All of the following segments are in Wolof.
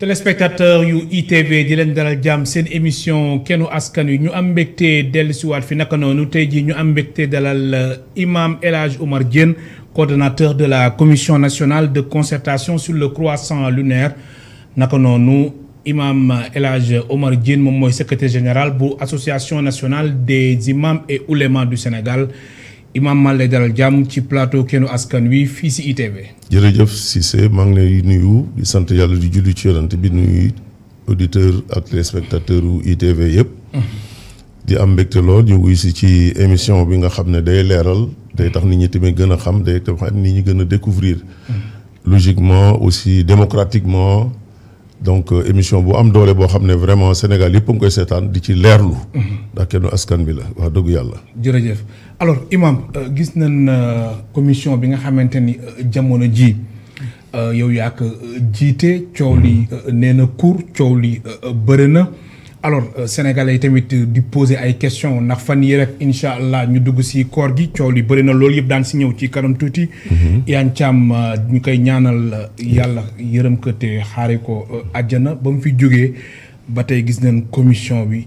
téléspectateur yu ITV di len dalal jam sen émission qui nous a ñu am mbégte dellusiwaat fi naka noonu tay ji ñu am dalal euh, imam El Hadj Oumar Diène coordonnateur de la commission nationale de concertation sur le croissant lunaire avons eu imam El Hadj Oumar Diène secrétaire général bu l'association nationale des imams et oulémas du Sénégal. Imam Maal Dal dalal ci plateau Kenu askan wi fi ci ITV. jërëjëf Cissé c'est ngi lay nuyu di sant yalla di julli ci yonante bi nuyu auditeur ak les spectateurs u ITV yëpp. Mm-hmm. di am mbégte lool ñu wuy si ci émission bi nga xam ne day leeral day tax nit ñi tamit gën a xam day tax nit ñi gën a découvrir mm-hmm. logiquement aussi démocratiquement donc euh, émission bu am doole boo xam ne vraiment Sénégal yëpp a koy seetaan di ci leerlu. Mm-hmm. ndax kennu askan bi la wax dëgg yàlla. jërëjëf. alors imam euh, gis nañ euh, commission bi nga xamante ni euh, jamono ji yow yaa ko jiite coow li nee na cour coow li bëri na alors sénégalais yi tamit di poser ay questions ndax fan yii rek incha allah ñu dugg si coor gi coow li bëri na loolu yëpp daan si ñëw ci kanam tuuti. Iyane mhm. Thiam ñu koy ñaanal yàlla yërëm ko xaare ko àjjana ba mu fi jógee ba tey gis nañ commission bi.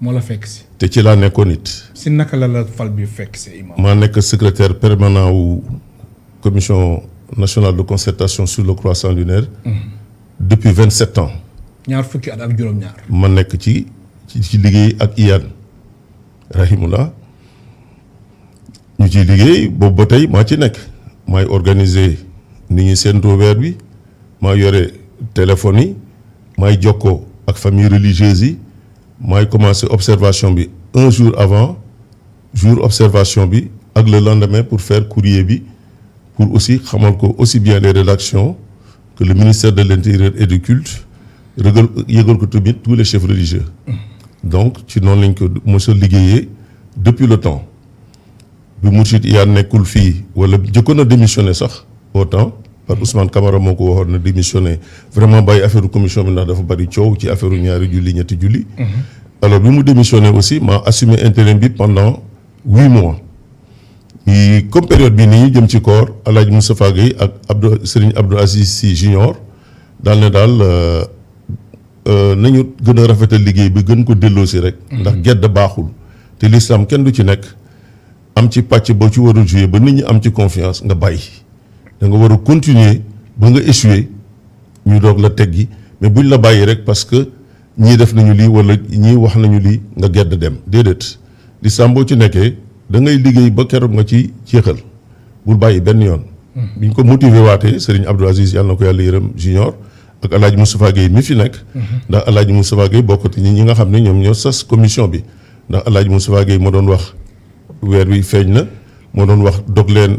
moo la fekk si. te ci laa nekkoon it. si naka la la fal bi fekk imam. maa nekk secrétaire permanent wu commission nationale de concertation sur le croissant lunaire. Mhm. depuis vingt sept ans. ñaar fukki at ak juróom-ñaar. ma nekk ci ci liggéey ak IAN rahimullah ñu ci liggéey boobu ba tey maa ci nekk maay organiser ni ñuy séentoo weer bi maa yore téléphone yi maay jokkoo ak famille religieuse yi. Moi, commencé observation un jour avant jour observation bi ak le lendemain pour faire courrier bi pour aussi aussi bien les rédactions que le ministère de l'intérieur et du culte ko tous les chefs religieux donc ci non lañ ko Monsieur a depuis le temps bi Mourchid ya nekul fi wala démissionné sax Autant par Ousmane Camara moko démissionné vraiment fait commission qui a fait ci de ñaari julli ñetti julli. Mhm. alors il a démissionné aussi a assumé un pendant huit mois. Et comme période jëm ci Moustapha ak Abdou Serigne Abdou Aziz je suis euh, euh, nañu a bi gën ko rek. Mhm. ndax gedd baaxul. L'Islam, kenn du ci il am ci ci jouer ba confiance nga confiance. da nga war continuer ba nga échoué ñu doog la teg gi mais buñ la bàyyi rek parce que ñii def nañu lii wala ñii wax nañu lii nga gedd dem déedéet lislaam boo ci nekkee da ngay liggéey ba keroog nga ci céexal bul bàyyi benn yoon hmm. biñ ko motiver waatee Serigne Abdou Aziz yàlla na ko yàlla yërëm junior ak El Hadj Moustapha Guèye mi fi nekk. Hmm. ndax El Hadj Moustapha Guèye bokk ci ñi nga xam ne ñoom ñoo sas commission bi ndax El Hadj Moustapha Guèye moo doon wax weer wi feeñ na moo doon wax dog leen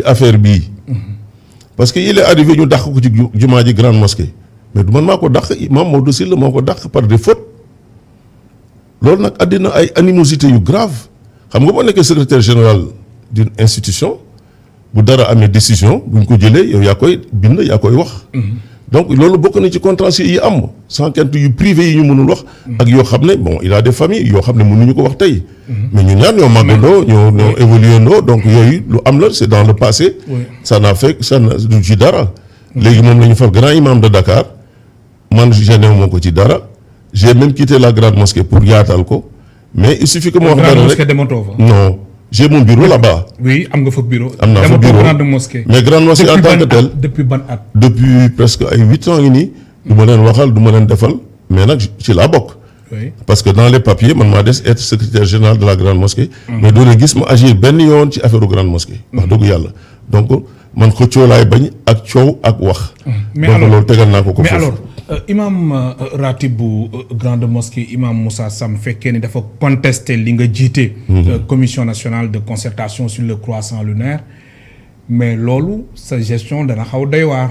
affaire bi, parce que il est arrivé ñu dakh ko ci ji grande mosquée mais du man mako dakh imam Maodo Sylla moko dakh par défaut. loolu nak adina ay animosité yu grave xam nga que nek secrétaire général d'une institution bu dara à décision buñ ko jëlé yow bind wax. Mm-hmm donc loolu bokk na ci contentieux yi am sans yu privé yi ñu mënul wax. ak yoo xam bon il a des familles yoo xam ne mënuñu ko wax tey. Mhm. mais nous, ñaar ñoo màggandoo ñoo ñoo évolué donc donc y lu am la c' c'est dans le passé. ça n'a fait ça du ci dara. léegi moom la fait le grand imam de Dakar man génne moo ko ci dara j'ai même quitté la grande mosquée pour yaatal ko mais il suffit que. grande mosquée de rek non j'ai mon bureau là-bas. Oui, am nga fa bureau. am naa bureau grande mosquée. mais grande mosquée en tant que telle depuis ban at depuis presque ay huit ans ngi nii. du ma leen waxal du ma leen defal mais là ci la bokk. oui parce que dans les papiers je suis être secrétaire général de la grande mosquée. mais doo leen agi ma agir benn yoon ci affaire grande mosquée. wax dëgg yàlla donc man xëccoo là bañ ak coow ak wax. Hmm. mais alors donc tegal ko euh, imam euh, Ratibu euh, grande mosquée imam Moussa Sam dafa contester mhm. commission nationale de concertation sur le croissant lunaire mais l'olu sa gestion dana xaw doy war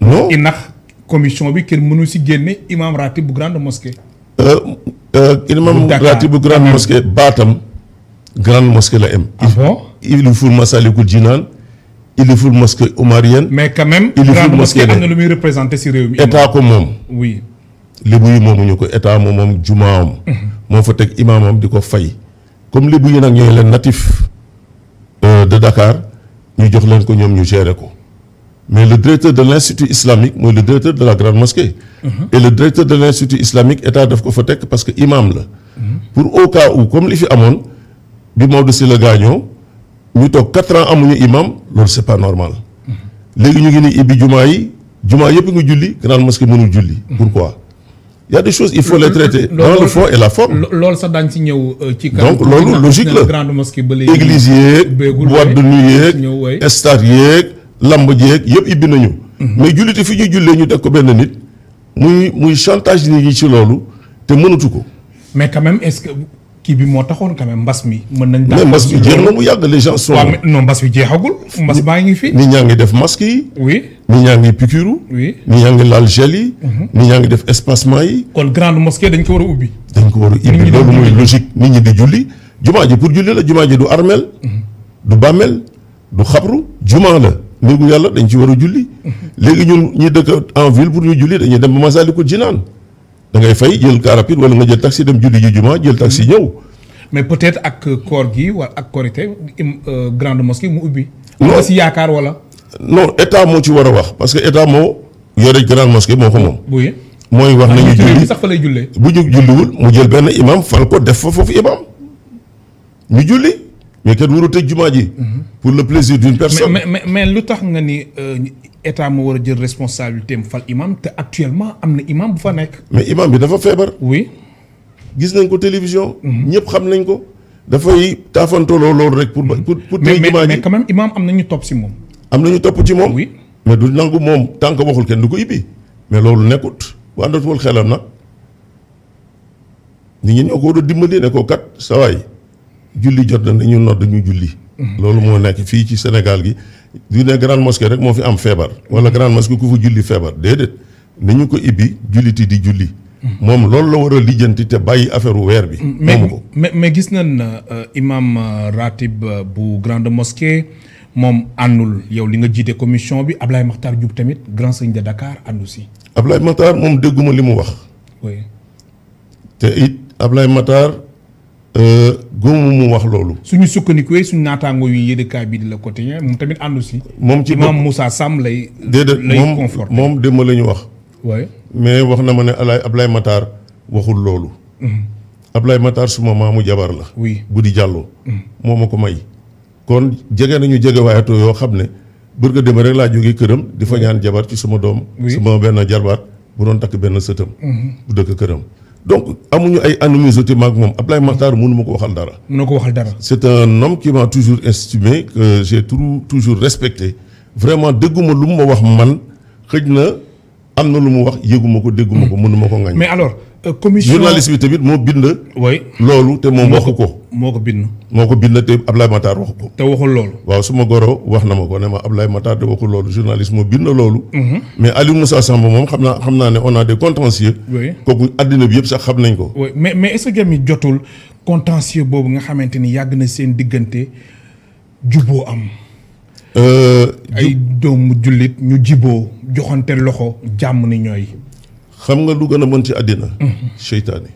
non commission bi mënu imam Ratibu grande mosquée. imam Ratibu grande mosquée batam grande mosquée la M. ah bon il faut il une mosquée omarienne. mais quand même. il mosquée am mosquée lu muy représenté si réew mi. état comme oui. Le yi moomuñu ko état moom moom jumaam. Mhm. moo fa teg imaamam di fay. comme les yi nag ñooy leen natif euh, de Dakar ñu jox leen ko qui ñu gérer ko mais le directeur de l'Institut islamique moi, le directeur de la grande mosquée. Mhm. et le directeur de l'Institut islamique état à ko fa parce que imam la. Mhm. pour au cas où comme li fi amoon bi Maodo c'est le gaañoo ñu toog quatre ans amuñu imam loolu c'est pas normal légui ñu ngi ni ibi juma yi juma yëpp ngi julli grand mosquée mënu julli pourquoi il y a des choses il faut les traiter dans le fond et la forme loolu sa dañ ci ñew euh, ci donc loolu logique la grande mosquée ba église boîte de nuit yeeg stade yeeg lamb jeeg yëpp ibi nañu mhm. mais jullite fi ñu jullee ñu dekk ko benn nit muy muy chantage ni ñi ci loolu te mënatu mais quand même est-ce que kii moo taxoon quand mbas mi. mën nañ mbas bi jeex na mu yàgg les gens sont. waaw mais non mbas bi jeexagul. mbas baa ngi nit ñaa ngi def masque yi. oui nit ñaa ngi piqûre. oui nit ñaa ngi laal gel yi. Mhm. nit ñaa ngi def espacement yi. kon grande mosquée dañ ko war a ubbi. dañ ko war a ubbi loolu mooy logique nit ñi di julli. jumaa ji pour julli la jumaa ji du armel. Mhm. du bàmmel du xabru jumaa la. néegu yàlla dañ ci war a julli. Mhm. léegi ñun ñi dëkk en ville pour ñu julli dañuy dem ba Masaalikul Jinaan da ngay fay jël car rapide wala nga jël taxi dem julli ji jumaa jël taxi hmm. ñëw. mais peut-être ak koor gi wala ak korite euh, grande mosquée mu ubbi. non si yaakaar wala. non état moo ci war a wax parce que état moo yore grande mosquée moo ko moom. oui mooy wax nañu julli sax fa lay jullee. bu jóg julliwul mu jël benn imam fal ko def fa foofu imam ñu julli mais kenn waru tëj jumaa ji. Hmm. pour le plaisir d'une personne. mais mais mais lu tax nga ni. Euh, état mo wara jël responsabilité am fal imam te actuellement amna imam bu fa nek mais imam bi dafa feebar. oui. gis nañ ko télévision. Mhm. ñepp xam nañ ko. dafay taafantaloo lool rek pour. pour pour tey imam mais quand même imam amna ñu top ci mom amna ñu top ci mom oui mais du nangu mom tant que waxul kenn du ko ibi mais loolu nekkut bu àndatuwul xelam nak ni ñi ñoo ko war a dimbali ne ko kat saway julli jot na ñu nodd ñu julli. loolu moo nekk fii ci Sénégal gi du ne grande mosquée rek moo fi am feebar wala grande mosquée ku fa julli feebar déedéet ni ñu ko ibbi julliti di julli moom loolu la war a lijjanti te bàyyi affaire weer bi mm, moomu mais mais gis nañ euh, imam euh, ratib euh, bu grande mosquée moom àndul yow li nga jiite commission bi Ablaye Makhtar Diop tamit grand sëñ de Dakar àndu si Ablaye Makhtar moom dégguma li mu wax te it Ablaye Makhtar Euh, góomu mu wax loolu. suñu sukkandikuwee suñu naataangoo yu yédekaay bii di la quotidien moom tamit àndu si. moom ci imam Moussa Sam lay. déedéet moom moom démb la ñu wax. waaye mais wax na ma ne Ablaye Ablaye Matar waxul loolu. Mhm. Ablaye Matar suma maamu jabar la. oui Budi Diallo. Mhm. moo ma ko may. kon jege nañu jege waayato yoo xam ne ga démb rek laa jóge këram di fa ñaan jabar ci suma doom. sama benn jarbaat bu doon takk benn sëtam. Mhm. bu dëkk këram. donc amuñu ay animosité maag moom Ablaye Makhtar mënu ma ko waxal dara. mënu ko waxal dara. c'est un homme qui m'a toujours estimé que j'ai toujours toujours respecté vraiment dégguma lu mu ma wax man xëj na am na lu mu wax yëguma ko dégguma ko hmm. mënuma mais alors euh, commission journaliste bi tamit moo bind. oui loolu te moom waxu ko. moo ko bind. moo ko bind te Ablaye Matar wax te waxul loolu. waaw suma goro wax na ma ko ne ma Ablaye Matar de waxul loolu journaliste moo bind loolu. Mhm. mais Aliou Moussa Samba moom xam naa xam naa ne on a des contentieux. oui kooku addina bi yëpp sax xam nañ ko. mais mais est-ce que mi jotul boobu nga xamante ni yàgg na seen diggante juboo am. Euh, ay doomu jullit ñu jiboo joxante loxo jàmm ni ñooy. xam nga lu gën a mën ci àddina. Mhm. seytaane.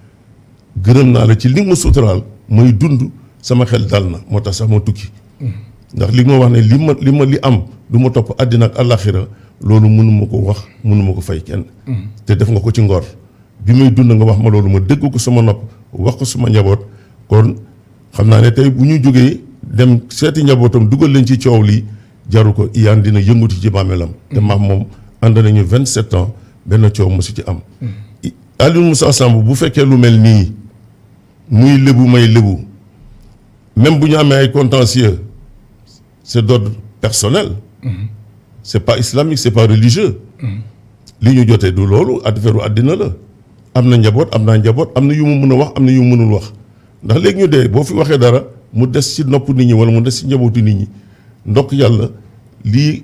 gërëm naa la ci li nga ma suturaal may dund sama xel dal na moo tax sax ma tukki ndax li ma wax ne li ma li ma li am du ma topp àddina ak àllaaxira loolu mënuma ko wax mënuma ko fay kenn te def nga ko ci ngor bi may dund nga wax ma loolu ma dégg ko sama nopp wax ko sama njaboot kon xam naa ne tey bu ñu jógee dem seeti njabootam dugal leen ci coow lii jaru ko yaan dina yëngatu ci bàmmeelam te maam moom ànd nañu vingt-sept ans benn coow mosu ci am Aliou Moussa Samb bu fekkee lu mel nii muy le may lébu même bu ñu amee ay contentieux c'est d'ordre personnel mhm. c'est pas islamique c'est pas religieux mhm. li ñu jotee du loolu affaire àddina la am na amna am amna njaboot am yu mu mën wax amna yu mu mënul wax ndax léegi ñu dé bo fi waxé dara mu dess ci nopp nit ñi wala mu dess ci njabootu nit ñi ndokk yalla li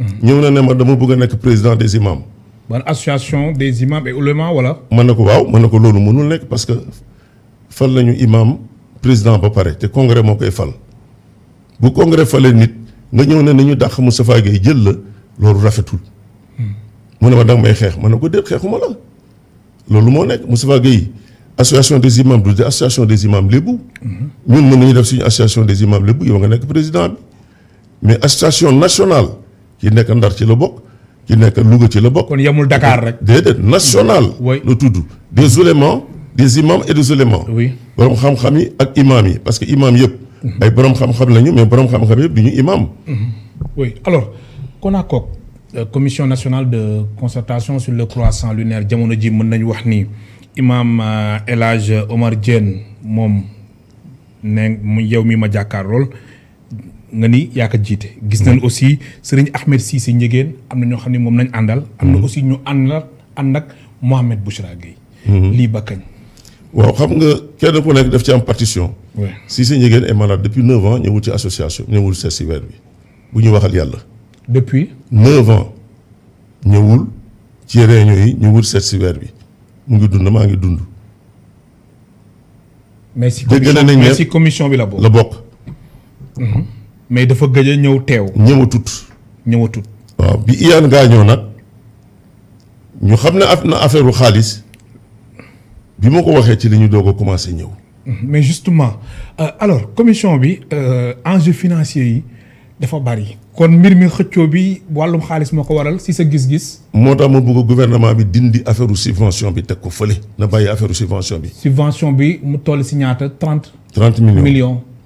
ñëw na ne ma dama bëgg a nekk président des imams. ban association des imams et oulémas wala. mën na ko waaw mën na ko loolu mënul nekk parce que fal nañu imam président ba pare te congrès moo koy fal bu congrès falee nit nga ñëw ne nañu dàq Moustapha Gueye jël la loolu rafetul. mu ne ma da may xeex mën na ko déet xeexuma la loolu moo nekk Moustapha Gueye association des imams du association des imams lébu. Mhm. ñun mën nañu def suñu association des imams lébu yow nga nekk président bi mais association nationale. Qui ki nekk Ndar ci la bokk ki nekk Louga ci On y kon yamul Dakar rek. oui, national. tout doux. des éléments, des imams et des éléments. oui borom xam-xam et ak parce que imam yëpp. Mhm. ay borom xam-xam lañu mais borom xam-xam yëpp imam. Mhm. oui alors Konakok euh, commission nationale de concertation sur le croissant lunaire jamono ji mën imam euh, Elage Omar Diène Mom, ne Mouyaoumi yow mi ngani ni yaa ko gis nañ aussi serigne Ahmed Cissé Ndiégeen amna na ñoo xam ne moom lañ àndal. am mhm. aussi ñu àndal and ak Mohamed Bouchra gay mhm. li ba kañ. waaw xam nga kenn ku nekk daf ci am partition. Cissé Ndiégeen est malade depuis 9 ans ñewul ci association ñewul seet si bi bu ñu waxal yàlla. depuis 9 ans ñewul ci réunion yi ñewul seet si bi mu ngi dund maa ngi dund. mais si commission mais si commission bi la bokk la bokk. Mhm mais dafa gëj a ñëw teew. ñëwatut. ñëwatut. waaw bi Iyane gaañoo ñu xam af na affaire xaalis bi ma ko waxee ci li ñu dogo commencé ñëw. mais justement euh, alors commission bi euh, enjeu financier yi dafa bari. kon mbir mi xëccoo bi wàllum xaalis moo ko waral si sa gis-gis. moo tax ma bëgg gouvernement bi dindi affaire subvention bi teg ko fële. na bàyyi affaire subvention bi. subvention bi mu toll si ñaata trente. trente millions millions.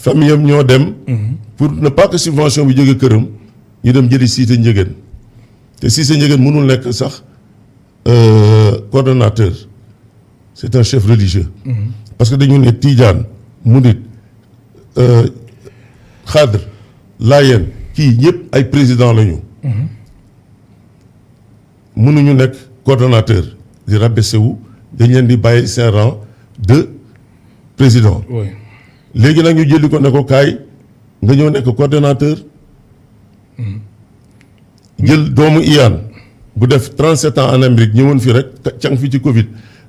famille am ñoo dem. Mhm. pour ne pas que subvention bi jëge këram ñu dem jëli Cissé Ndiéguène te Cissé Ndiéguène mënul nekk sax euh, coordonnateur c' est un chef religieux. Mhm. parce que dañu ne Tidiane Mouride euh, Khadr Layen kii ñëpp ay président la ñu. Mhm. mënuñu nekk coordonnateur di rabaissé wu dañ leen di bàyyi seen rang de président. léegi nag ñu jëli ko ne ko kaay nga ñëw nekk coordonnateur. jël doomu Iyane bu def 37 ans en Amérique ñëwoon fii rek càng fii ci Covid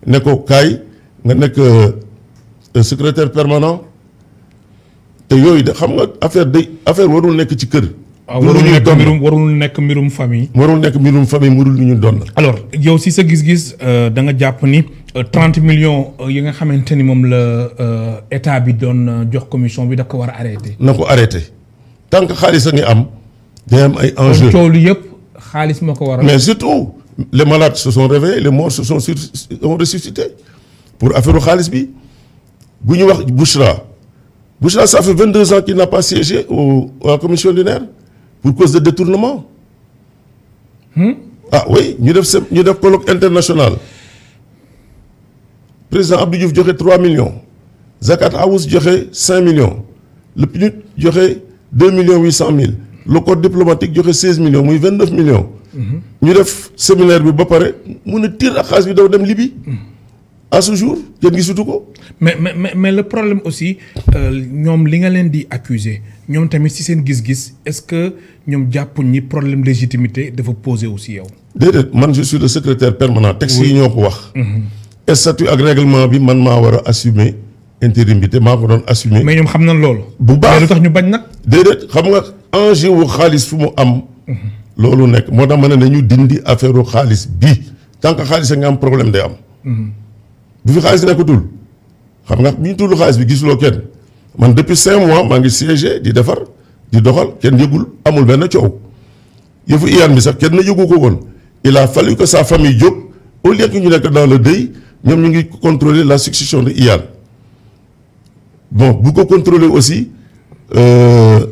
ne kaay nga nekk euh, secrétaire permanent te yooyu de xam nga affaire day affaire warul nekk ci kër. Ah, warul nekk mbirum warul nek mirum famille. warul nek mirum famille warul ñu don alors yow si sa gis-gis euh, da nga japp ni 30 euh, millions euh, yi nga xamanteni mom le état bi jox commission bi da ko war arrêter nako arrêter tant que xaalis a am. day am ay enjeu. Tout coow lu yëpp xaalis war a. mais surtout les malades se sont réveillés les morts se sont sur ont ressuscité pour affaire khalis bi buñu wax Bouchra Bouchra ça fait 22 ans qu'il n'a pas siégé au à la commission lunaire pour cause de détournement. Hmm? ah oui nous avons ñu def colloque international le président Abdou Diouf 3 millions Zakat haous joxe 5 millions le PNUT joxe 2 millions 800 000. le code diplomatique joxe 16 millions muy 29 millions. Hmm. ñu def séminaire bi ba pare mun a la bi daw Libye. Hmm à ce jour yéen gisatu ko. mais mais mais le problème aussi euh, ñoom li nga leen di accuser ñoom tamit si seen gis-gis est-ce que ñoom jàppuñ ni problème légitimité dafa poser aussi yow. déedéet man je suis le secrétaire permanent. texte yi ñoo ko wax. Mhm. statut ak règlement bi man maa war assumer intérim bi te assumer. mais ñoom xam nañ loolu. bu baax mais lu tax ñu bañ nag. déedéet xam nga enjeu wu xaalis fu mu am. Mhm. loolu nekk moo tax nañu dindi affaire xaalis bi tant que xaalis nga am problème day am. Mhm bi fi xaalis nekkatul xam nga bi ñu tudd xaalis bi gisuloo kenn man depuis 5 mois maa ngi siégé di defar di doxal kenn yëgul amul benn coow yëfu iyaan bi sax kenn yëgu ko woon il a fallu que sa famille jóg au lieu que ñu nekk dans le deuil ñoom ñu ngi contrôler la succession de iyaan bon bu ko contrôler aussi euh,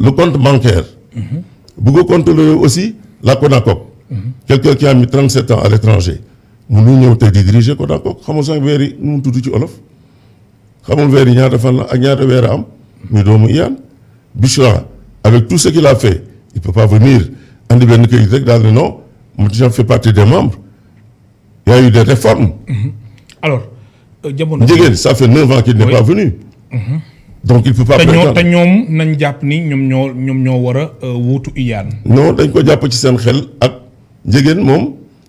le compte bancaire. Mhm. bu ko contrôler aussi la CONACOP. Mhm. quelqu'un qui a mis 37 ans à l'étranger nous ñëw te di diriger ko nous ko xamul sax weer yi ci olof xamul weer yi ñaata fan ak ñaata weer am doomu avec tout ce qu'il a fait il peut pas venir andi benn rek non fait partie des membres il y a eu des réformes. Mm-hmm. alors euh, ça fait 9 ans qu'il n'est pas venu. Mm-hmm. donc il peut pas.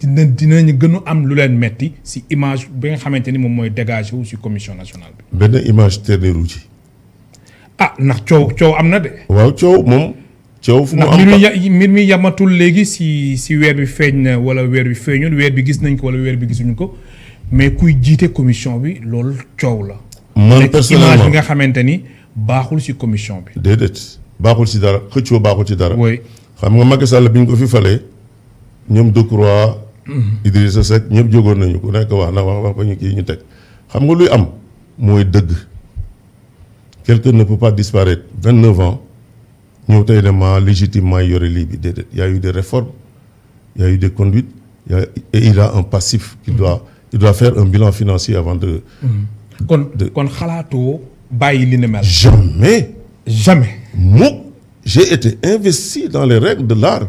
dina dinañu gënu am lu leen metti si image bi nga xamante ni moom mooy dégagé wu si commission nationale bi. benn image terneeru ci. ah ndax coow coow am na de. waaw coow moom. coow fu mu am ndax mbir mi yamatul léegi si si weer bi feeñ na wala weer bi feeñul weer bi gis nañ ko wala weer bi gisuñu ko mais kuy jiite commission bi loolu coow la. man personnellement image bi nga xamante ni baaxul si commission bi. déedéet baaxul si dara xëccoo baaxul si dara. oui xam nga Macky Sall bi ñu ko fi falee ñoom Decroix. Idrissa Seck ñepp jógoon nañu ku nek wax na wax quelqu'un ne peut pas disparaître 29 ans nous tay légitimement y a eu des réformes il y a eu des conduites et il a un passif qui doit il doit faire un bilan financier avant de. Mm-hmm. kon kon li ne mel. jamais. jamais. moi j'ai été investi dans les règles de l'art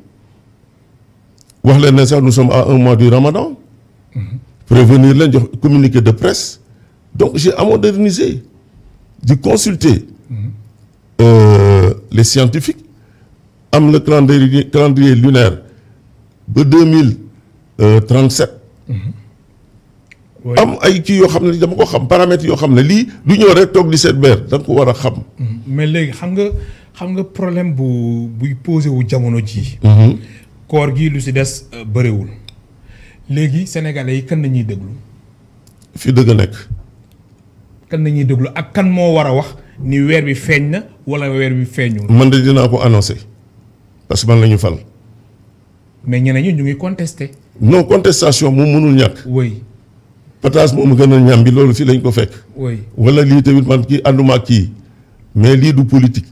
wax leen sax nous sommes à un mois du ramadan prévenir leen jox communiqué de presse donc j'ai à moderniser di consulter euh, les scientifiques am le calendrier calendrier lunaire ba 2037. Euh, am ay kii yoo xam dama ko xam paramètres yo xam li du ñëw rek toog di seet ko xam. mais légui xam nga xam nga problème bu buy poser wu jamono jii. Mhm. koor gi lu si des euh, bëriwul léegi sénégalais yi kan la ñuy déglu. fi dëgg nekk. kan la ñuy déglu ak kan moo war a wax ni weer bi feeñ na wala weer bi feeñul. man de dinaa ko annoncé parce que man lañu ñu fal. mais ñeneen ñu ñu ngi contesté. non contestation moom mënul ñàkk. oui. pataas moom gën a ñam bi loolu fii lañ ko fekk. oui wala lii tamit man kii ànduma ak kii mais lii du politique.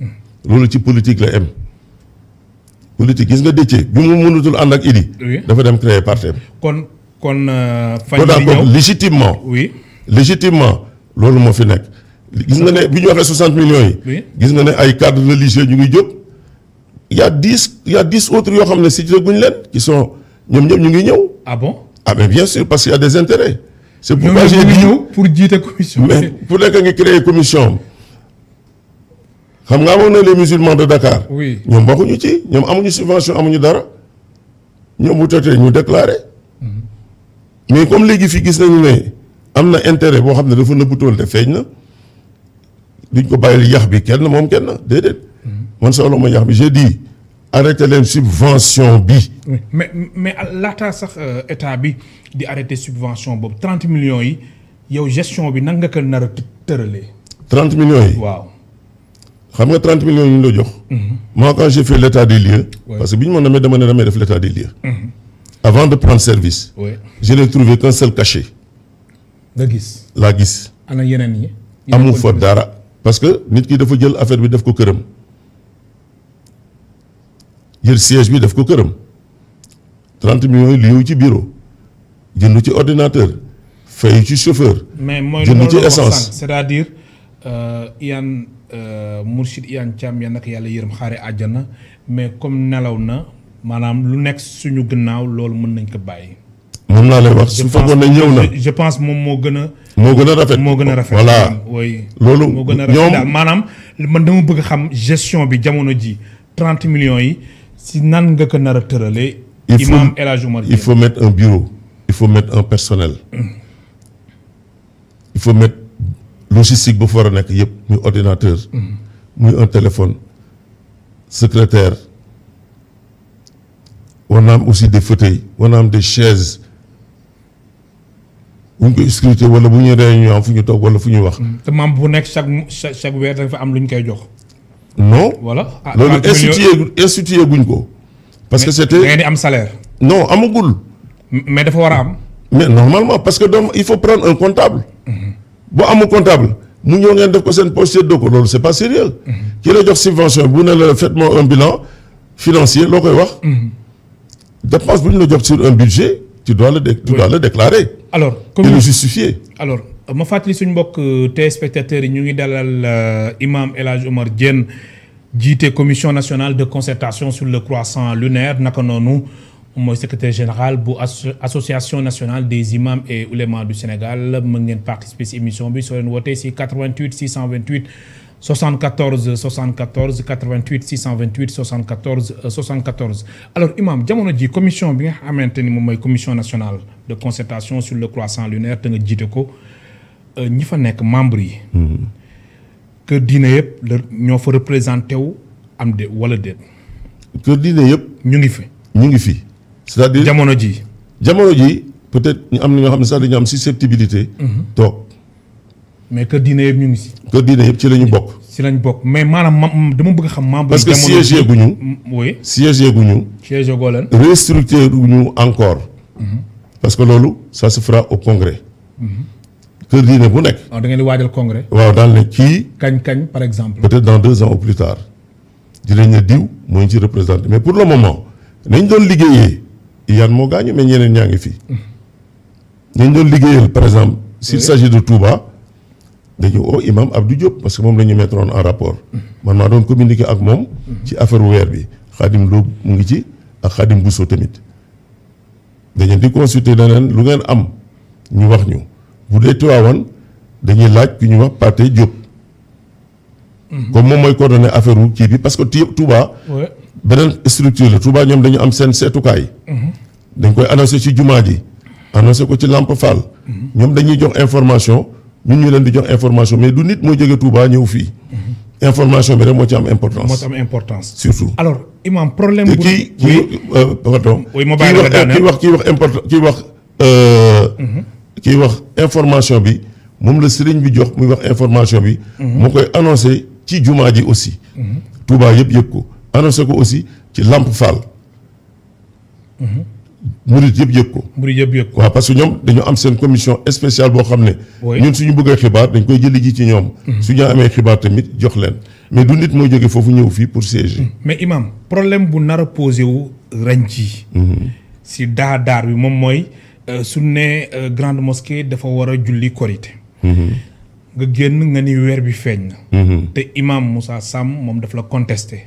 Mm. loolu ci politique la am. politique gis nga dëccee bi mu mënatul ànd ak Idi. dafa dem créer parti kon kon euh, ñëw yii légitimement. oui légitimement loolu mo fi nekk. gis nga ne bi ñu waxee 60 millions yi. gis nga ne ay cadres religieux ñu ngi jóg. y' a 10 il y' a 10 autres yoo xam ne si guñ leen qui sont ñoom ñëpp ñu ngi ñëw. ah bon ah mais bien sûr parce qu'il y a des intérêts. c'est est pourquoi j' dit pour jiite commission. mais pour nekk nga créer commission xam nga amoon les musulmans de Dakar. oui ñoom bokkuñu ci ñoom amuñu subvention amuñu dara ñoom bu totee ñu déclaré. Mhm. mais comme léegi fi gis nañu ne am na intérêt boo xam ne dafa nëbbutoon te feeñ na duñ ko bàyyil yax bi kenn moom kenn déedéet. Mhm. man soxla ma yax bi j'ai dit arrêté leen subvention bi. mais mais laataa sax euh, état bi di arrêté subvention boobu 30 millions yi yow gestion bi nan nga ko nar a tëralee. 30 millions yi waaw xam 30 millions d'euros ñu la jox. Mhm. moi quand j'ai fait l'état des lieux. parce que je ma nommé dama ne damay def l'état des lieux. Mhm. avant de prendre service. Ouais. je n'ai trouvé qu'un seul cachet. La gis La gis. ana yenen yi. Amu fa dara parce que nit ki dafa jël affaire bi def ko kërëm. jël siège bi def ko 30 millions yi ci bureau. jënd ci ordinateur. fay ci chauffeur. jënd ci essence c'est-à-dire euh, a euh, Mourchid Iyane Thiam yal na ko yàlla yërëm xaare àjjana mais comme nelaw na maanaam lu nekk suñu gannaaw loolu mën nañ ko bàyyi. moom laa lay wax su fekkoon ne ñëw na je pense moom moo gën a. moo gën a rafet moo rafet. voilà loolu moo gën a rafet daal maanaam man dama bëgg xam gestion bi jamono ji 30 millions yi si nan nga ko nar a tëralee. imam El Omar il faut mettre un bureau. il faut mettre un personnel. Mm. il faut mettre logistique bu fa nek a nekk yëpp muy ordinateur. muy un téléphone secrétaire. on a aussi des fauteuils on a des chaises bu ñu koy wala bu ñu réunion am fu ñu wala fuñu wax. te maam bu nek chaque chaque weer dañ fa am luñ koy jox. non voilà ah, loolu ah, institué institué guñ ko. parce que c'était ni am salaire. non amugul mais dafa war a am. mais normalement parce que donc il faut prendre un comptable. -hmm à mon comptable nous ñëw ngeen def de seen poche ce n'est c'est pas sérieux ki la jox subvention bu ne la faites un bilan financier vous koy wax. Mhm. dépense bu ñu un budget tu dois le tu dois le déclarer. alors comment? et le justifier. alors ma fàttali suñu mbokk euh, téléspectateurs yi ñu ngi dalal l'imam euh, El Hadj Omar Diène la commission nationale de concertation sur le croissant lunaire nous avons moi secrétaire général de l'Association nationale des imams et oulémas du Sénégal suis suis participer ci émission bi suis 88 628 74 74 88 628 74 74 alors imam jamono ji commission bi nga commission nationale de concertation sur le croissant lunaire tu nga dit, ko euh, membres que nous représentés, représenter ñoo fa représenté wu am de wala c'est-à-dire jamono ji jamono ji peut-être ñu am na ñoo xam ne sax dañu am susceptibilité. Mhm. toog mais kër diine yëpp ñu ngi si. kër diine yëpp ci la ñu bokk. ci lañ bokk mais maanaam dama bëgg xam. membre parce que siège gu ñu. oui siégé gu ñu. siégé goo leen. restructuré encore. Mhm. parce que loolu ça se fera au congrès. kër mhm. diine bu nekk. Ah, da ngeen di waajal congrès. waaw daal ne kii. kañ kañ par exemple. peut-être dans deux ans ou plus tard. dinañ ne diw moo ñu ci représenté mais pour le moment nañ doon liggéeyee. Yann mo gagne mais ñeneen ñangi fi ñu par exemple s'il s'agit de Touba dañu imam Abdou Diop parce que mom lañu mettre en rapport man ma doon communiqué ak mom ci affaire bi khadim mu ngi ci ak tamit dañu consulter am ñu wax ñu bu Touba dañuy laaj ki ñu wax Paté Diop mhm. comme mom affaire parce que Touba beneen structure la Touba ñom dañu am seen seetukaay. dañ koy annoncer ci jumaa ji. annoncé ko ci lampe Fall. ñom dañuy jox information ñun ñu leen di jox information mais du nit mo jógee Touba ñëw fi information bi rek mo ci am importance. mo ci am importance surtout. alors imam problème bu. kii kii euh, pardon. kii wax kii wax important kii wax. euh kii wax information bi mom le serigne bi jox muy wax information bi. mo mhm. koy annoncer ci jumaa ji aussi. Mhm. Touba yeb yeb ko annoncé ko aussi ci Lamp Fall. Mhm. murid yeb yeb ko. murid yeb yeb ko waaw parce que ñom dañu am sen commission spéciale bo xamné ñun suñu bëggee xibaar dañ koy jël ji ci ñom mhm. suñu amé xibaar tamit jox leen mais du nit mooy jógee foofu ñëw fi pour siéger. Mhm. mais imam problème bu nara a posé wu ren jii. si daar daar bi mom moy euh, su euh, grande mosquée dafa war a julli korité nga génn nga ni weer bi feeñ na. te imam Moussa Sam moom daf la contesté.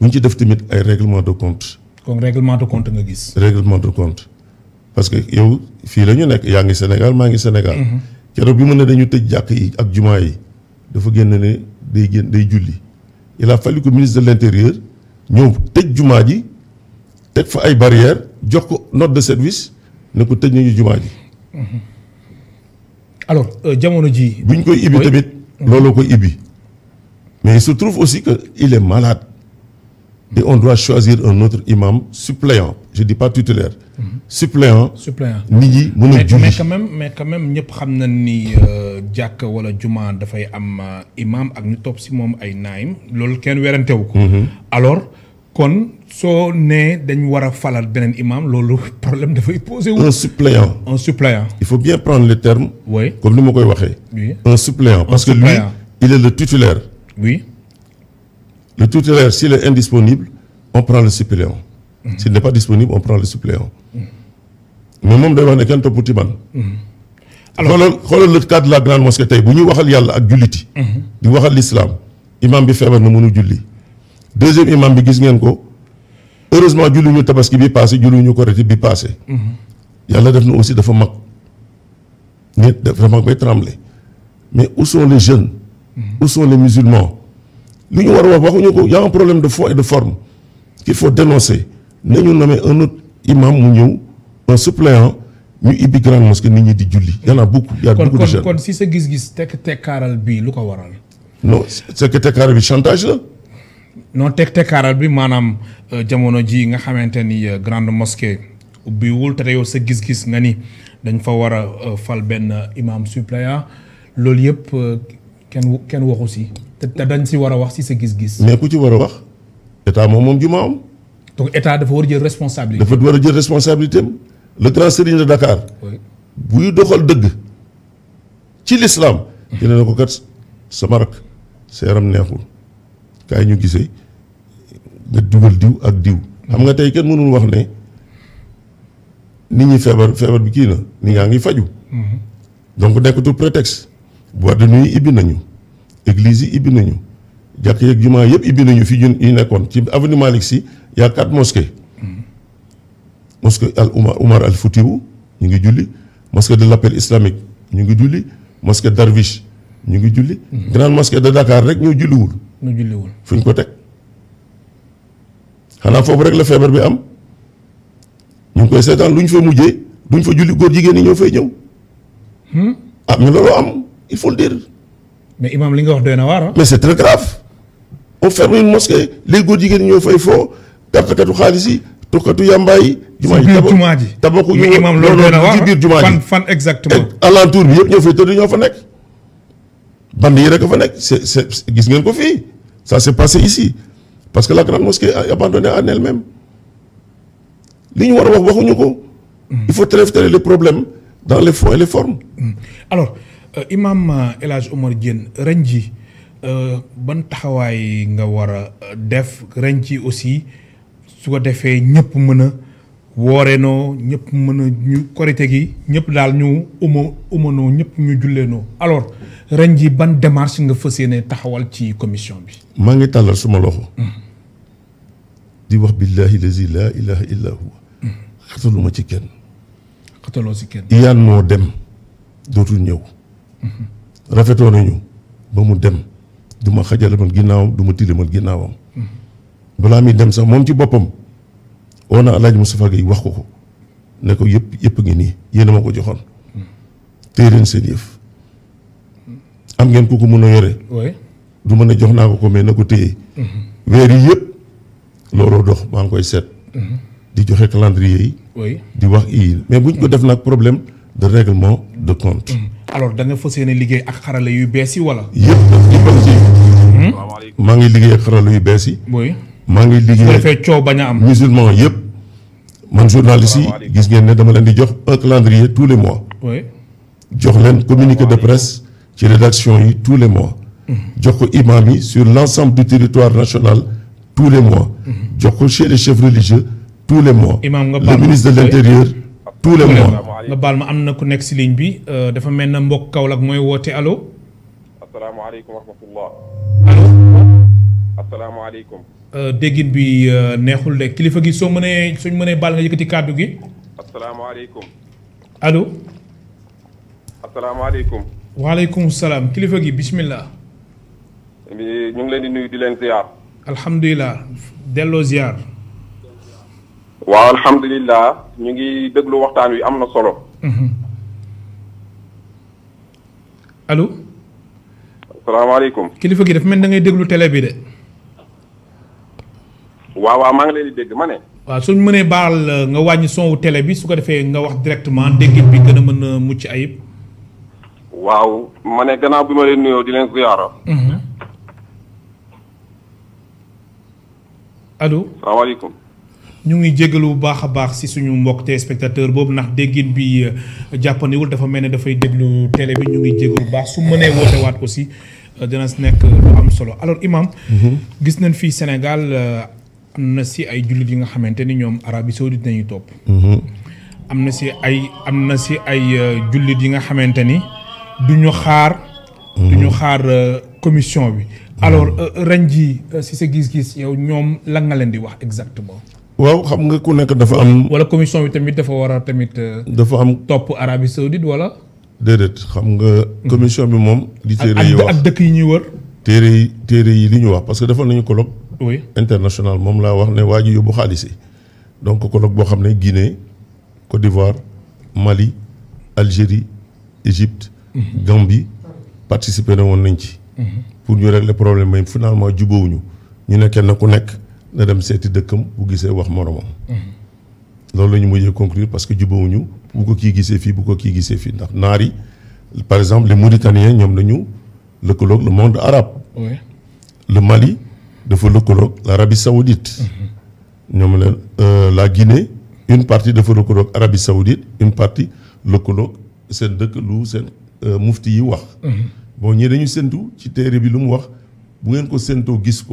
bu ñu ci def tamit ay règlement de compte. kon règlement de compte nga gis. règlement de compte parce que yow fi la ñu nekk ngi Sénégal ma ngi Sénégal. Mhm. kéro bi mu ne dañu tëj jàkk yi ak jumaa yi dafa génné né day génn day julli il a fallu que ministre de l'intérieur ñëw tëj jumaa ji teg fa ay barrières jox ko note de service ne ko tej nañu jumaa ji. Mhm. alors euh, jamono ji buñ koy ibi tamit. lolo koy ibi mais il se trouve aussi que il est malade et on doit choisir un autre imam suppléant je dis pas tutélaire. Mhm. suppléant suppléant Ni mon mën mais quand même mais quand même ñëpp xam nañ ni euh, jàkk wala juma dafay am euh, imam ak ñu top si moom ay naayim loolu mhm. alors kon so nee dañ war a falal imam loolu problème da fay poser. un suppléant un suppléant. il faut bien prendre le terme. oui comme nous ma waxé Oui. un suppléant parce que lui il est le titulaire. oui. Le tutélaire, s'il est indisponible, on prend le suppléant. Mhm. S'il n'est pas disponible, on prend le suppléant. mais moom day wax ne kenn topp ci mhm. alors le cadre de la grande mosquée tey bu ñuy waxal yàlla ak julliti. Mhm. di waxal l'islam imam bi feebar na mënu julli. deuxième imam bi gis ngeen ko heureusement julli ñu tabaski bi paase julli ñu korite bi paase. yàlla des na aussi dafa mag. nit dafa vraiment bay trembler mais où sont les jeunes. où sont les musulmans lu ñu waxuñu y a un problème de fond et de forme qu'il faut dénoncer nañu nommer un autre imam mu ñëw un suppléant ñu ibbi grande mosquée nit ñi di julli y en a beaucoup. y a beaucoup de gens. kon kon si sa gis-gis tekk tekkaaral bi lu waral. non c'est que tekkaaral bi chantage là non teg tekkaaral bi maanaam euh, jamono ji nga xamante ni euh, grande mosquée wul te yow sa gis-gis nga ni dañ fa wara euh, fal ben imam suppléant loolu yëpp ken ken wax aussi te dañ ci war wax si sa gis-gis. mais ku ci wara a wax état mom mom jumaa am. donc état dafa war jël responsabilité. dafa war jël responsabilité le grand serigne de Dakar. buy doxal deug ci l'islam. Hmm. dina ko kat sama rak seram neexul kay ñu gisee nga duggal diw ak diw. Hmm. xam nga tay kenn mënul wax ne nit ñi feebar feebar bi kii na nit ñaa ngi faju hmm. donc nekkatul prétexte boîte de nuit ibbi nañu. église ibbi nañu jàkk yeeg jumaa yëpp ibbi nañu fi ñun ñu nekkoon ci avenue Malick si y a quatre mosquées mm-hmm. mosquée al Umar Umar al Foutiou ñu ngi julli mosquée de l'appel islamique ñu ngi julli mosquée Darwiche ñu ngi julli mm-hmm. grande mosquée de Dakar rek ñoo julliwul ñu julliwul fu ñu ko teg xanaa foofu rek la feebar bi am ñu ngi koy seetaan lu ñu fa mujjee duñ fa julli góor jigéen ñi ñoo fay ñëw hmm? ah mais loolu am il faut le mais imam Linga wax doyna war. Hein. mais c'est très grave on ferme une mosquée les góor jigéen ñoo fay foo tàppkatu xaalis yi tukkatu yàmbaay yi. ji tabaxu imam loolu doyna war. waar ji fan fan exactement. alentour bi yëpp ñoo fay tëdd ñoo fa nekk. band yi rek a fa nek, c'est c'est gis ngeen ko fi. ça s'est passé ici parce que la grande mosquée a abandonné en elle-même li ñu war a wax mm. il faut traiter les problèmes dans les fonds et les formes. Mm. alors. Euh, Imam euh, El Hadj Omar Diène ren ji euh, ban taxawaay nga war a def reñ ci aussi su ko defee ñëpp mën a wooreenoo ñëpp mën a ñu korite gi ñëpp daal ñu uma umanoo ñëpp ñu julleenoo alors ren ji ban démarche nga fas yéene taxawal ci commission bi maa ngi tàllal suma loxo mm. di wax billahi lazi laa ilaha illa mm. xataluma ci kenn xataloo ci kenn iyaan moo dem dootul ñëw rafetoo nañu ba mu dem du ma xajalamal ginnaawam du ma tilimal ginnaawam balaa mi dem sax moom ci boppam oo na Alaaji Moustapha Gueye wax ko ko ne ko yëpp yëpp ngi nii yéen ma ko joxoon téye seen yëf am ngeen ku ko mën a yore du mën a jox naa ko ko mais na ko téye weer yi yëpp looloo dox maa ngi koy seet di joxe calendrier yi di wax ii mais buñ ko def nag problème de règlement de compte alors da nga fas yéene liggéey ak xarala yu bees yi wala. yëpp hmm? maa ngi liggéey ak xarala yu bees yi. oui maa ngi liggéey su coow bañ a am. musulman yëpp man journaliste yi gis ngeen ne dama leen di jox un calendrier tous les mois. oui jox leen communiqué de presse ci rédaction yi tous les mois. Hmm. jox ko imam yi sur l'ensemble du territoire national tous les mois. Hmm. jox ko chez les chefs religieux tous les mois. imam nga le ministre de l'Intérieur. intérieur. tout le nga baal ma am na ku nekk si ligne bi euh, dafa mel na mbokk Kaolack mooy woote allo. asalaamaaleykum wa rahmatulah. Euh, déggin bi euh, neexul de kilifa gi soo mënee suñ mënee baal nga yëkkati kàddu gi. asalaamaaleykum. allo. asalaamaaleykum. waaleykum salaam kilifa gi bismillah. ñu ngi leen di nuyu di leen ziar. alhamdulilah delloo ziar. waaw alhamdulilah ñu ngi déglu waxtaan wi am na solo. Mhm. allo. salaamaaleykum. kilifa gi dafa mel da ngay déglu télé bi de. waaw waaw maa ngi leen di dégg ma ne. waaw suñ mënee baal euh, nga wàññi son wu télé bi su ko defee nga wax directement déggit bi gën a mën a mucc ayib. waaw ma ne gannaaw bi ma leen nuyoo di leen ziyaara. Mhm. allo. salaamaaleykum. ñu ngi jégalu bu baax a baax si suñu mbokk téléspectateur boobu ndax déggin bi euh, jàppandiwul dafa mel ne dafay déglu télé bi ñu ngi jégalu bu baax su mënee woote waat aussi euh, dana si nekk lu am solo alors imam mhm. gis nañ fii Sénégal euh, am na si ay jullit yi nga xamante ni ñoom Arabie Saoudite nañu topp. Mhm. am na si ay am na si ay jullit yi nga xamante ni du ñu xaar. du ñu mhm. xaar commission bi. alors ren jii si sa gis-gis yow ñoom lan nga leen di wax exactement. waaw xam nga ku nekk dafa am. wala commission bi tamit dafa war a tamit. Euh, dafa am topp Arabie Saoudite wala. déedéet xam nga. Hmm. commission bi moom. li téere yi wax ak dëkk yi ñuy wër. téere yi téere yi li ñu wax parce que defal nañu colloque. oui international moom laa wax ne waa ji yóbbu xaalis donc colloque boo xam ne Guinée Côte d'Ivoire Mali Algérie Égypte. Hmm. Gambie participer na woon nañ ci. Hmm. pour ñu régler problème bi finalement jubóowuñu ñu ne kenn ku nekk. na dem seeti dëkkam bu gisee wax moromam. loolu la ñu conclure parce que nous bu ko kii gisee bu ko par exemple les Mauritaniens ñoom nañu lëkkaloog le monde arabe. le Mali dafa lëkkaloog l'Arabie saoudite. la euh, la Guinée une partie dafa lëkkaloog Arabie saoudite une partie lëkkaloog lu euh, mufti yi wax. Mhm. bon ñii dañu ci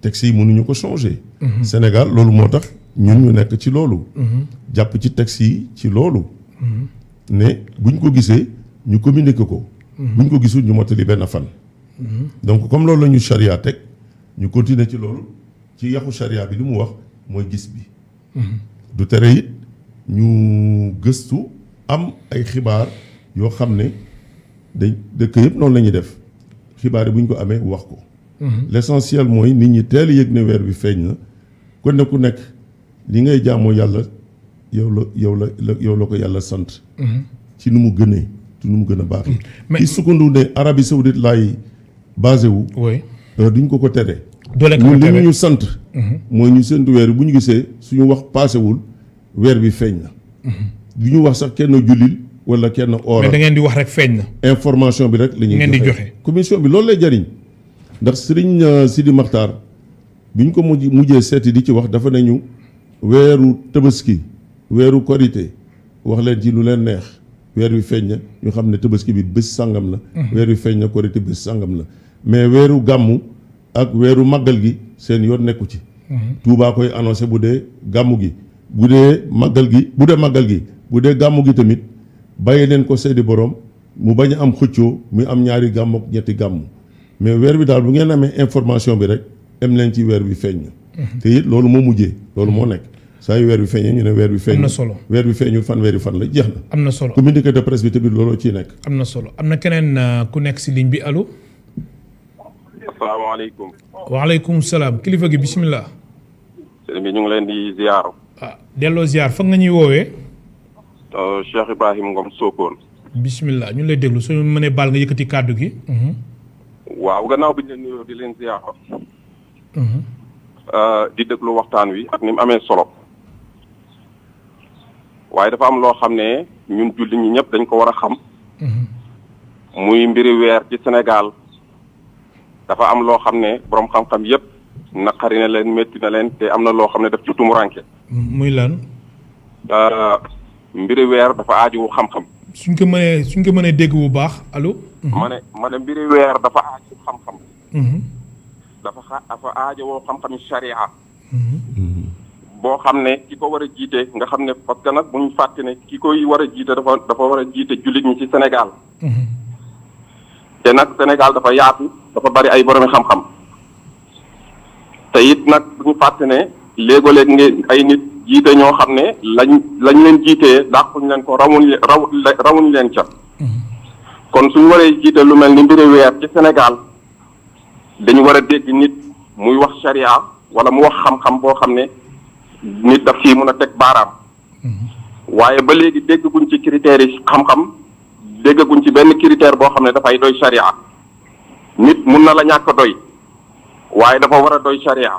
Taxi, mënu ñu ko changer. Mhm. Sénégal loolu moo tax ñun ñu nekk ci loolu. Mhm. jàpp ci taxi, ci loolu. Mhm. ne buñ ko gisee ñu communiquer ko. buñ ko gisul ñu motali benn fan. donc comme loolu la ñu charia teg ñu continuer ci loolu ci yaxu charia bi li mu wax mooy gis bi. du tere it ñu gëstu am ay xibaar yoo xam ne dañ dëkk yëpp noonu la ñuy def xibaar yi buñ ko amee wax ko. Mhm. l'essentiel moy nit ñi teel yëg ne bi feeñ na nous ne ku nekk li ngay jaamoo yàlla yow la yow la yow la ko yàlla ci ne Arabie Saoudite laay basé wu euh, duñ ko ko tere li ñu sant mhm. mooy ñu weer suñu wax bi na mhm. wax sax wala mais da ngeen di wax information bi rek la ñuy commission bi ndax sëriñ euh, Sidi Maxtaar bi ñu ko mujj mujjee seeti di ci wax dafa nañu weeru tabaski weeru korité wax leen ci lu leen neex weer wi feeñ na ñu xam ne tabaski bi bés sàngam la mm-hmm. weer yu feeñ na korité bés sàngam la mais weeru gàmmu ak weeru màggal gi seen yoon nekku ci mm-hmm. Touba koy annoncé bu dee gàmmu gi bu dee màggal gi bu dee màggal gi bu dee gàmmu gi tamit bàyyi leen ko seedi borom mu bañ am xëccoo mu am ñaari gàmm ak ñetti gàmmu mais weer bi daal bu ngeen amee information bi rek dem leen ci weer bi feeñ na. Mhm. te it loolu moo mujjee loolu moo nekk. saa yu weer ñu ne weer bi feeñ. am solo weer bi fan weer fan la jeex amna solo communiqué de presse bi tamit looloo ciy nekk. am na solo amna kenen keneen euh, ku nekk si ligne bi allo. asalaamaaleykum. waaleykum salaam kilifa gi bisimilah. sëñ bi ñu ngi leen di ziar. ah delloo ziar fa nga ñuy woowee. Euh, Cheikh Ibrahim Ngom Sokone. Bismillah, ñu ngi lay déglu soo mënee baal nga yëkkati kàddu gi. Mhm. waaw gannaaw bi ñu leen nuyoo di leen ziyaara. Mhm. Euh, di déglu waxtaan wi at ni amee solo. waaye dafa am loo xam ne ñun julli ñi ñëpp dañ ko war a xam. Mhm. muy mbiri weer ci Sénégal. dafa am loo xam ne boroom xam-xam yëpp naqari na leen métti na leen te am na loo xam ne daf ci tumuranke muy lan. Euh, mbiri weer dafa aajuwu xam-xam. suñ ko mënee suñ ko mënee dégg bu baax alo mm-hmm. ma ne ma ne mbiri weer dafa aajo xam-xam. Mm-hmm. dafa xa dafa aajo woo xam-xam sharia mm-hmm. boo xam ne ki ko war a jiite nga xam ne parce nag bu ñu fàtte ne koy war a jiite dafa dafa war a jiite jullit ñi ci Sénégal. te nag Sénégal dafa yaatu dafa bari ay boromi xam-xam te it nag bu ñu ne léegoo léeg nga ay nit. jiite ñoo xam ne lañ lañ leen jiite dàquñ leen ko ramuñ raw leen ca kon suñ waree jiite lu mel ni mbiri weer ci Sénégal dañu war a dégg nit muy wax sharia wala mu wax xam-xam boo xam ne nit daf ciy mën a teg baaraam waaye ba léegi déggaguñ ci critères yi xam-xam déggaguñ ci benn critère boo xam ne dafay doy sharia nit mun na la ñàkk doy waaye dafa war a doy sharia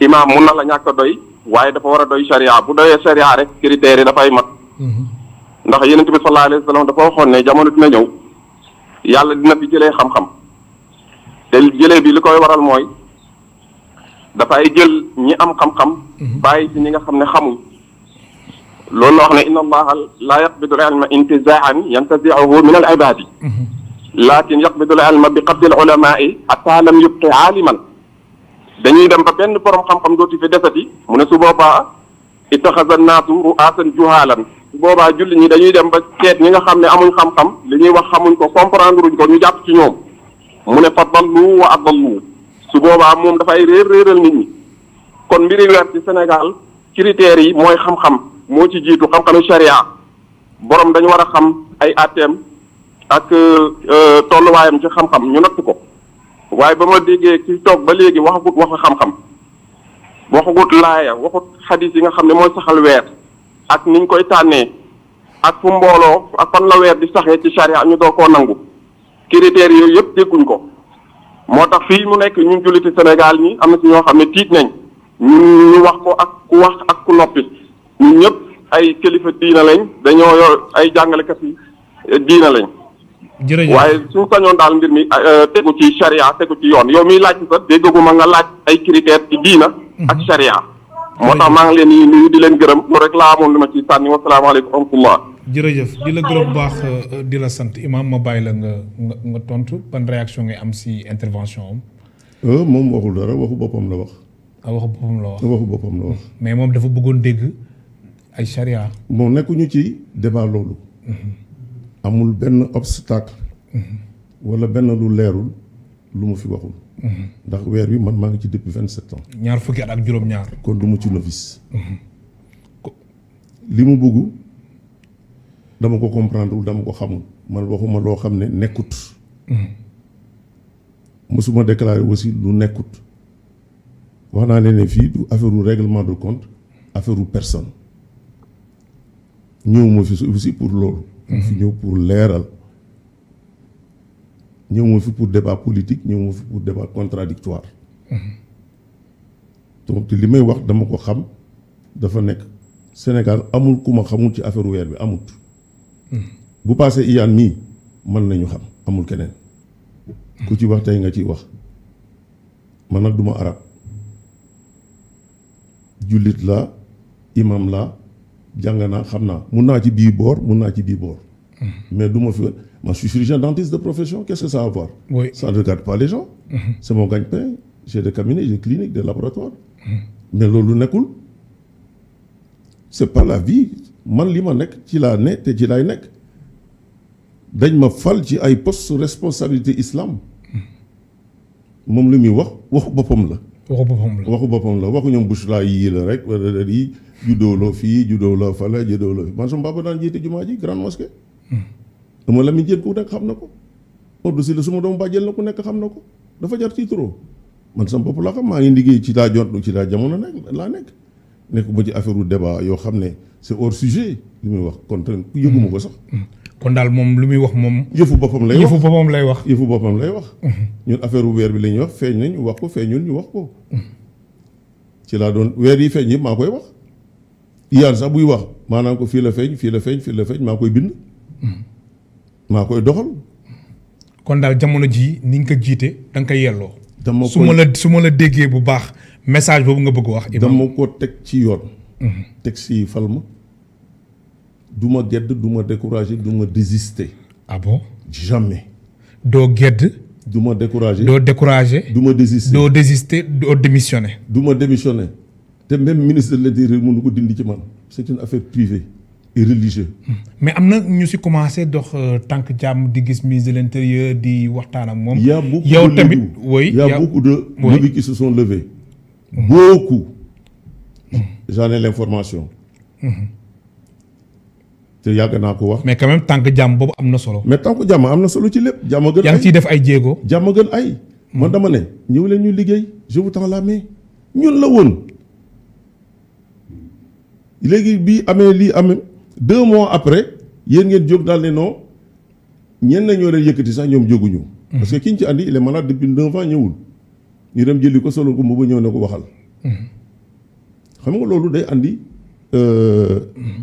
imaam mun na la ñàkk doy waye dafa wara doy sharia bu doy sharia rek critère da fay mat ndax yenent bi sallallahu alayhi wasallam dafa waxoon ne jamono dina ñëw yàlla dina fi jele xam xam-xam te jele bi likoy waral moy da fay jël ñi am xam-xam bàyyi ci ñi nga xamne xamu xamuñ loolu wax ne inna allaha la yaqbidu al ilma intizaan yantaziuhu min al ibadi lakin yaqbidu al ilma bi qabdi al ulamai hatta lam yubqi aliman dañuy dem ba benn borom xam-xam dooti fi desati mu ne su boobaa ittaxaza naatu ru'aasan juhaalan su boobaa julli ñi dañuy dem ba seet ñi nga xam ne amuñ xam-xam li ñuy wax xamuñ ko comprendre ko ñu jàpp ci ñoom mu ne fadallu wa adallu su boobaa moom dafay réer réeral nit ñi kon mbiri wer ci sénégal critères yi mooy xam-xam moo ci jiitu xam-xamu sharia borom dañu war a xam ay atem ak euh, tolluwaayam ci xam-xam ñu natt ko waaye ba ma déggee ki toog ba léegi waxagut wax xam-xam waxagut laaya waxut xadis yi nga xam ne mooy saxal weer ak niñ koy tànnee ak fu mbooloo ak fan la weer di saxee ci charia ñu doo koo nangu critères yooyu yëpp dégguñ ko moo tax fii mu nekk ñun julliti Sénégal ñi am na si ñoo xam ne tiit nañ ñun ñu wax ko ak ku wax ak ku noppi ñun ñëpp ay kilifa diina lañ dañoo yo ay jàngalekat yi diina lañ jërëjëf waaye su sañoon daal mbir mi euh, tegu ci charia tegu ci yoon yow mi laaj sax dégguma nga laaj ay critères ci diina ak mhm. charia. moo tax maa ngi leen di nuyu di leen gërëm loolu rek laa amoon lu ma ci sànni wa salaamaaleykum wa rahmatullah. jërëjëf di la gërëm baax euh, di la sant Imaam ma bàyyi la nga nga tontu ban réaction ngay am si intervention am. Euh, moom waxul dara waxu boppam la wax. ah waxu boppam la wax mais moom dafa bëggoon dégg ay charia. bon nekkuñu ci débat loolu. Mhm. amul benn obstacle. wala benn lu leerul lu fi waxul. ndax weer wi man ci depuis vingt sept ans. ñaar fukki ak juróom-ñaar. kon a. ci novice. Mhm. li a dama ko comprendre dama ko xamul man waxuma loo xam ne nekkut. Mhm. déclaré aussi lu Il y a leen du affaire règlement de compte affaire ou personne fi aussi pour loolu fi mm-hmm. ñëw pour leeral ñëwuma fi pour débat politique ñëwuma fi pour débat contradictoire mm-hmm. donc li may wax dama ko xam dafa nekk Sénégal amul ku ma xamul ci affaire weer bi amut mm-hmm. bu passé mii man nañu xam amul keneen ku ci wax tey nga ci wax man nag duma arab jullit la imam là, jàng naa xam naa mun naa ci bii boor mun ci bii boor. Mm-hmm. mais du ma fi ma suis chirurgien dentiste de profession qu'est-ce que ça a à voir. ça ne regarde pas les gens. Mm-hmm. c'est mon gagne-pain j'ai des cabinets j'ai des cliniques des laboratoires. Mm-hmm. mais loolu nekkul c'est pas la vie man li ma nekk ci laa ne te ci laay nekk dañ ma fal ci ay postes responsabilité islam moom lu muy wax waxu boppam la. waxu boppam la waxu boppam la waxu ñoom Bouchra yii la rek wala yii juddoo loo fii juddoo loo fale juddoo loo man sama baba daan jiite jumaa ji grande mosquée. Hmm. dama la mi jël ku nekk xam na ko. Modou si la suma doom bàjjel na ku nekk xam na ko dafa jar ci trop man sama bopp laa xam maa ngi liggéey ci laa jot ci laa jamono nekk laa nekk. nekk ma ci affaire debaa yoo xam ne c'est hors sujet li muy wax kon ren yëguma ko sax. Hmm. kon daal moom lu muy wax moom. yëfu boppam lay wax yëfu boppam lay wax. yëfu boppam lay wax. Mhm. ñun affaire wu weer bi la ñuy wax feeñ nañ wax ko feeñul ñu wax ko. ci laa doon weer yi feeñ yëpp maa koy wax. yaan sax buy wax maanaam ko fii la feeñ fii la feeñ fii la feeñ maa koy bind. Mhm. maa koy doxal. kon daal jamono jii ni nga ko jiite danga koy yelloo. dama ko su ma la su ma la déggee bu baax message boobu nga bëgg wax. dama ko teg ci yoon. Mhm. teg si falma duma ma duma décourager ma découragé ma désister. ah bon jamais. do gedd. duma ma découragé décourager découragé. ma désister do désister do démissionné. duma ma démissionné te même ministre de l'intérieur mënu ko dindi ci man c'est une affaire privée et religieuse. Hmm. mais amna ñu commencé dox que euh, jàmm di gis ministre de l'intérieur di waxtaan ak yow tamit oui y' a beaucoup de lobbies qui se sont levés. Hmm. beaucoup. Hmm. j'en ai l'information te yàgg naa ko wax. mais quand même tank jam bobu amna solo. mais tank jam amna solo ci lépp. jàmm gën ay yaa ngi def ay jéego. jàmm gën ay. man dama ne ñew leen ñu liggéey je vous tends la main ñun la woon léegi bi amé li amé deux mois après yeen ngeen jog dal né non ñenn ñoo leen yëkkati sax jogu ñu mhm. parce que kiñ ci andi il est malade depuis 9 ans ñewul ñu dem jëli ko solo ko mu ñew ñëw ko waxal. Mhm. xam nga lolu day andi. euh mhm.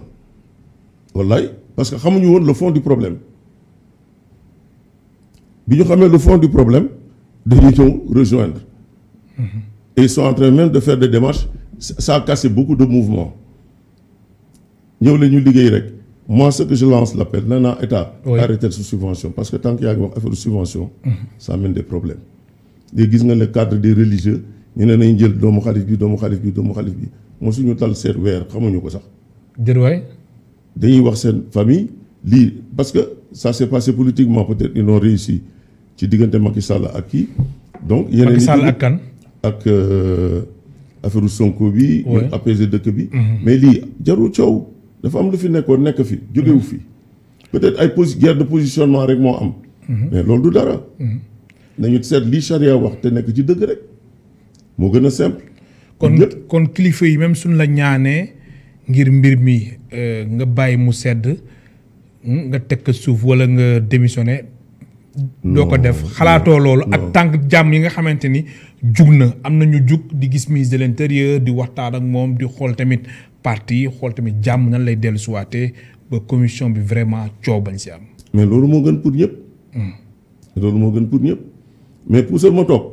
parce que nous avons le fond du problème Si nous avons le fond du problème nous devons rejoindre mhm. et ils sont en train même de faire des démarches ça a cassé beaucoup de mouvements Nous la nous moi ce que je lance l'appel non, la état arrêter sous subvention parce que tant qu'il y a une subvention mhm. ça amène des problèmes Vous voyez le cadre des religieux Nous ne nañ jël de de bi des choses. bi si nous bi le tal Ils weer xamuñu ko sax dañuy wax seen famille lii parce que ça s'est passé politiquement peut-être ils ont réussi ci diggante Macky Sall ak kii donc yeneen Macky Sall ak kan ak euh, affaire Sonko bi mais apaiser dëkk bi mhm. mais lii jarul coow dafa am lu fi nekkoon nekk fi jógewu mhm. fi peut-être ay posi guerre de positionnement rek moo am mhm. mais loolu du dara nañu seet lii charia wax te nekk ci dëgg rek moo gën a simple kon kon kilifa yi même suñ la ñaanee ngir mbir mi euh, nga bàyyi mu sedd hmm, nga teg suuf wala nga démissionné. doo ko def xalaatoo loolu. ak tànk jàmm yi nga xamante ni jug na am na ñu jug di gis ministre de l'intérieur di waxtaan ak moom di xool tamit parti xool tamit jàmm nan lay dellusiwaatee ba commission bi vraiment coow bañ si am. mais loolu moo gën pour ñëpp. Hmm. moo gën pour ñëpp mais pour seul ma toog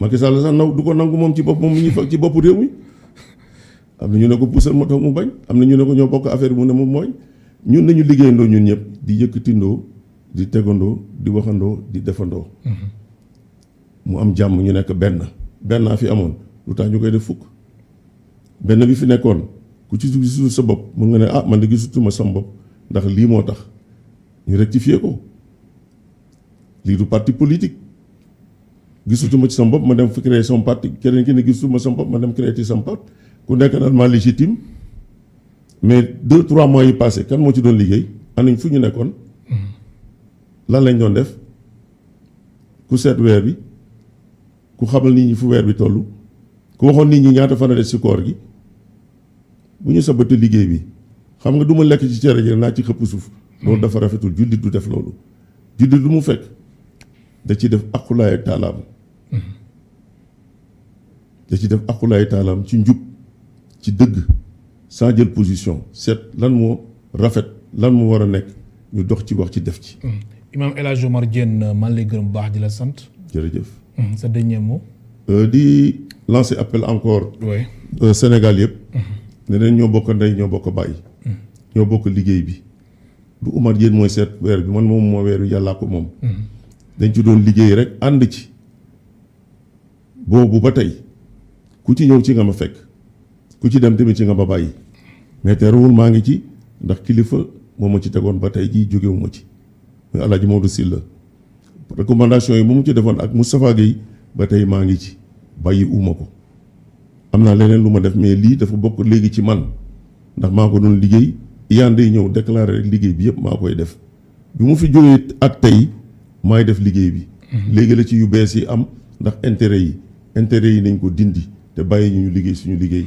Macky Sall sax naw du ko nangu moom ci bopp moom ñu fa ci bopp réew mi. am na ñu ne ko puusal ma mu bañ am na ñu ne ko ñoo bokk affaire mu ne moom mooy ñun nañu liggéeyandoo ñun ñëpp di yëkkatindoo di tegandoo di waxandoo di defandoo. Mm-hmm. mu am jàmm ñu nekk benn benn fi amoon lu tax ñu koy def fukk benn bi fi nekkoon ku ci gisul sa bopp mën nga ne ah man de gisutuma sam bopp ndax lii moo tax ñu rectifier ko lii du parti politique gisutuma ci sam ma dem fi créer parti keneen ki ne gisutuma sam bopp ma dem créer ci sam parti ku nekk naan maa légitime mais deux trois mois yi passé kan moo ci doon liggéey anañ fu ñu nekkoon lan lañ doon def ku seet weer bi ku xamal nit ñi fu weer bi toll ku waxoon nit ñi ñaata fan a des ci koor gi bu ñu sabati liggéey bi xam nga du ma lekk ci cere ji naa ci xëpp suuf loolu dafa rafetul jullit du def loolu jullit lu mu fekk da ci def aqulaay taalaam mm-hmm. da ci def aqulaay taalaam ci njub ci dëgg sans jël position seet lan mo rafet lan mo wara nek ñu dox ci wax ci def ci. Hmm. Imam El Hadj Omar Diène euh, maa lay gërëm baax di la sant. jërëjëf. Hmm, sa dernier mot. Euh, di lancer appel encore. oui euh, Sénégal yëpp. Hmm. ne leen ñoo bokk ndey ñoo bokk bàyyi. ñoo bokk liggéey bi. du Omar Diène mooy seet weer bi man moom moo weer wi yàllaa ko moom. dañ ci doon liggéey rek ànd ci. boobu ba tey ku ci ñëw ci nga ma fekk. ku ci dem tamit ci nga ba bàyyi mais terewul maa ngi ci ndax kilifa moom ma ci tegoon ba tey jii jógewu ma ci muy El Hadj Maodo Sylla recommandation yi bu mu ci defoon ak Moustapha Guèye ba tey maa ngi ci bàyyi uuma ko am naa leneen lu ma def mais lii dafa bokk léegi ci man ndax maa ko doon liggéey yaan day ñëw déclaré rek liggéey bi yëpp maa koy def bi mu fi jógee ak tey maay def liggéey bi mhm. léegi la ci yu bees yi am ndax intérêt yi intérêt yi nañ ko dindi te bàyyi ñu ñu liggéey suñu liggéey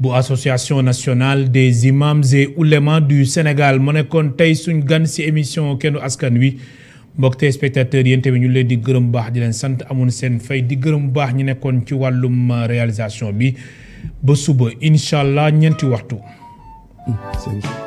bu association nationale des imams et oulémas du Sénégal Mon tay tey suñ gan ci émission kennu askan wi mbokk téléspectateurs spectateurs, tamit ñu leen di gërëm baax di leen sante amun sen fay di gërëm baax ñu nekkoon ci walum réalisation bi ba suba inshallah, ñenti waxtu. Hmm,